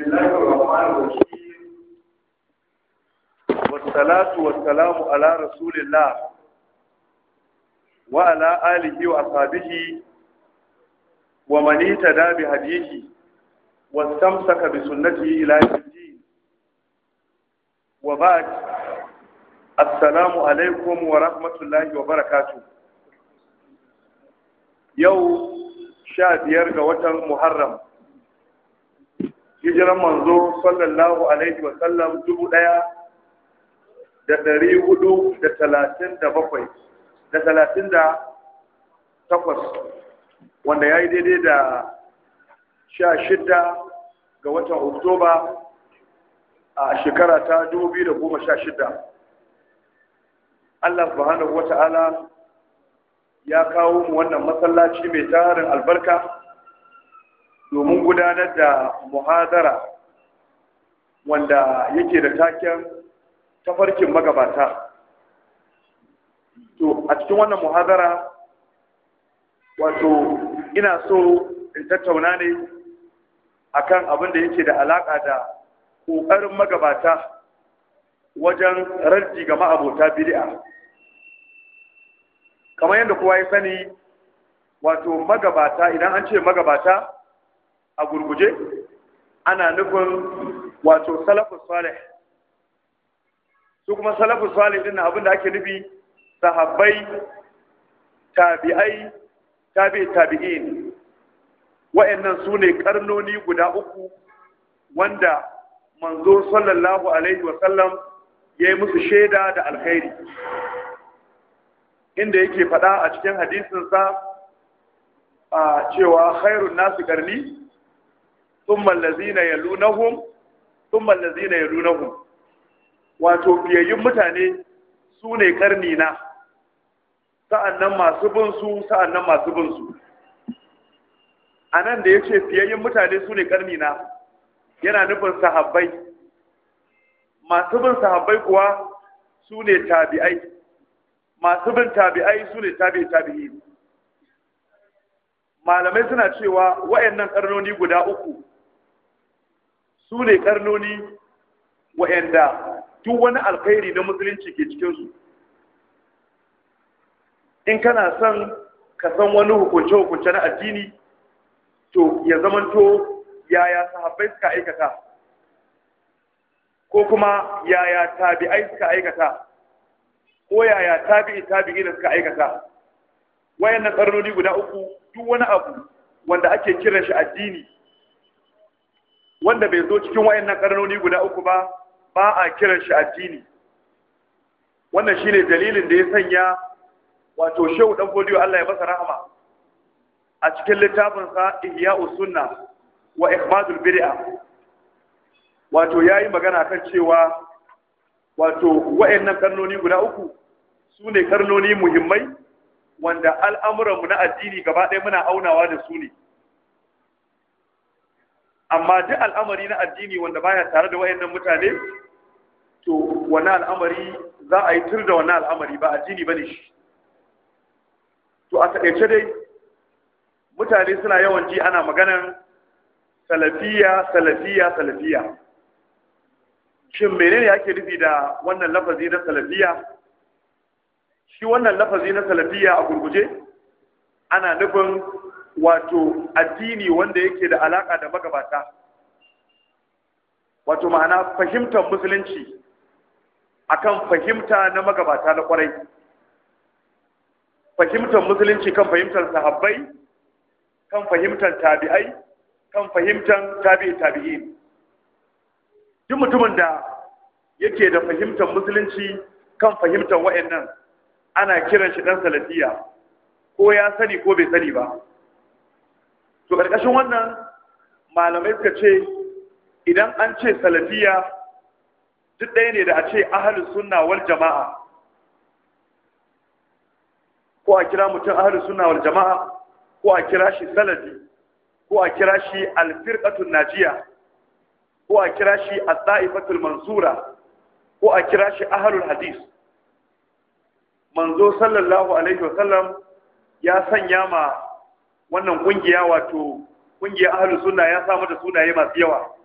بسم الله الرحمن الرحيم والصلاة والسلام على رسول الله وعلى آله وأصحابه ومن اهتدى بهديه واستمسك بسنته إلى يوم الدين وبعد السلام عليكم ورحمة الله وبركاته يوم شاد يرجى وتر محرم hijiran manzo sallallahu alaihi wa sallam dubu ɗaya da ɗari hudu da talatin da bakwai da talatin da takwas wanda ya yi daidai da sha shida ga watan oktoba a shekara ta dubu biyu da goma sha shida allah subhanahu wa ta'ala ya kawo mu wannan masallaci mai tarin albarka domin gudanar da muhadara wanda yake da taken tafarkin magabata to a cikin wannan muhadara wato ina so in tattauna ne akan abin da yake da alaƙa da ƙoƙarin magabata wajen raddi ga ma'abota bid'a kamar yadda kowa ya sani wato magabata idan an ce magabata a gurguje ana nufin wato salafus salih su kuma salafus salih din abin da ake nufi sahabbai tabi'ai tabi tabi'in wa'annan su ne karnoni guda uku wanda manzo sallallahu alaihi wa sallam ya yi musu shaida da alkhairi inda yake faɗa a cikin hadisinsa a cewa khairun nasu karni ثم الذين يلونهم ثم الذين يلونهم wato biyayyun mutane su ne karni na sa'annan masu bin su sa'annan masu bin su anan da yace biyayyun mutane su ne karni na yana nufin sahabbai masu bin sahabbai kuwa su ne tabi'ai masu bin tabi'ai su ne tabi'i tabi'i malamai suna cewa wayannan karnoni guda uku su ne karnoni wa'anda duk wani alkhairi na musulunci ke cikinsu in kana son ka san wani hukunce-hukunce na addini to ya zamanto yaya sahabbai suka aikata ko kuma yaya tabi'ai suka aikata ko yaya tabi'i tabi'i da suka aikata wayannan karnoni guda uku duk wani abu wanda ake kiran shi addini wanda bai zo cikin wayannan karnoni guda uku ba ba a kiran shi addini wannan shine dalilin da ya sanya wato shehu dan godiyo Allah ya masa rahama a cikin littafin sa ihya sunna wa ikhmadul bid'a wato yayi magana kan cewa wato wayannan karnoni guda uku su ne karnoni muhimmai wanda al'amuranmu na addini gaba ɗaya muna aunawa da su ne amma duk al'amari na addini wanda baya tare da wayannan mutane to wani al'amari za a yi tur da wani al'amari ba addini bane shi to a taƙaice dai mutane suna yawan ji ana maganan salafiya salafiya salafiya shin menene ake nufi da wannan lafazi na salafiya shi wannan lafazi na salafiya a gurguje ana nufin wato addini wanda yake da alaka da magabata wato ma'ana fahimtar musulunci akan fahimta na magabata na kwarai fahimtar musulunci kan fahimtar sahabbai kan fahimtar tabi'ai kan fahimtar tabi'i tabi'i duk mutumin da yake da fahimtar musulunci kan fahimtar wa'annan ana kiran shi dan salafiya ko ya sani ko bai sani ba to karkashin wannan malamai suka ce idan an ce salafiya duk ɗaya ne da a ce ahalus sunna wal jama'a ko a kira mutum ahalus sunna wal jama'a ko a kira shi salafi ko a kira shi alfirqatul najiya ko a kira shi as mansura ko a kira shi ahalul hadis manzo sallallahu alaihi wasallam ya sanya ma wannan kungiya wato kungiya ahlus sunna ya samu da sunaye masu yawa